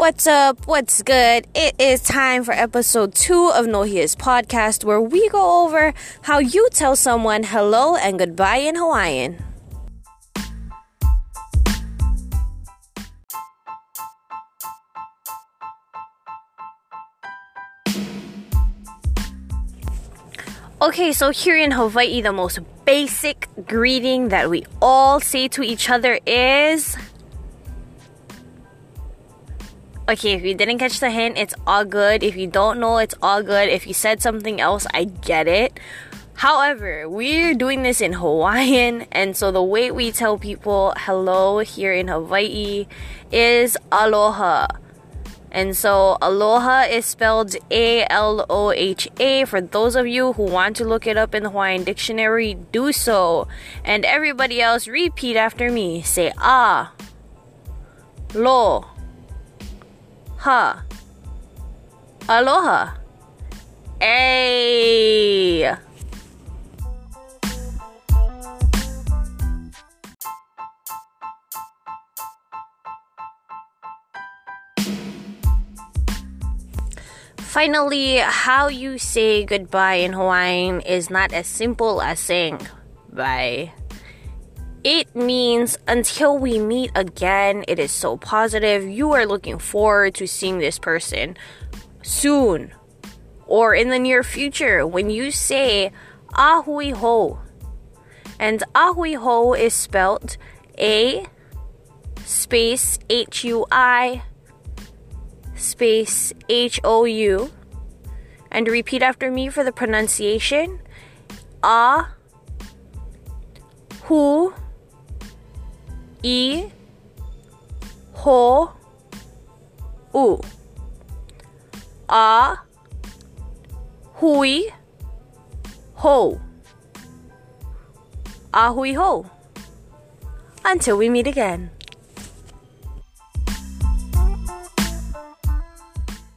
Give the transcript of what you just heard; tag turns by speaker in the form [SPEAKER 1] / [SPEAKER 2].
[SPEAKER 1] What's up? What's good? It is time for episode two of No Here's podcast, where we go over how you tell someone hello and goodbye in Hawaiian. Okay, so here in Hawaii, the most basic greeting that we all say to each other is Okay, if you didn't catch the hint, it's all good. If you don't know, it's all good. If you said something else, I get it. However, we're doing this in Hawaiian, and so the way we tell people hello here in Hawaii is aloha. And so aloha is spelled A L O H A. For those of you who want to look it up in the Hawaiian dictionary, do so. And everybody else, repeat after me. Say ah, lo, ha, aloha, ay. Finally, how you say goodbye in Hawaiian is not as simple as saying bye. It means until we meet again, it is so positive. You are looking forward to seeing this person soon or in the near future when you say Ahui Ho. And Ahui Ho is spelled A space H U I space H O U. And repeat after me for the pronunciation. Ah, who i ho u a hui ho a hui ho until we meet again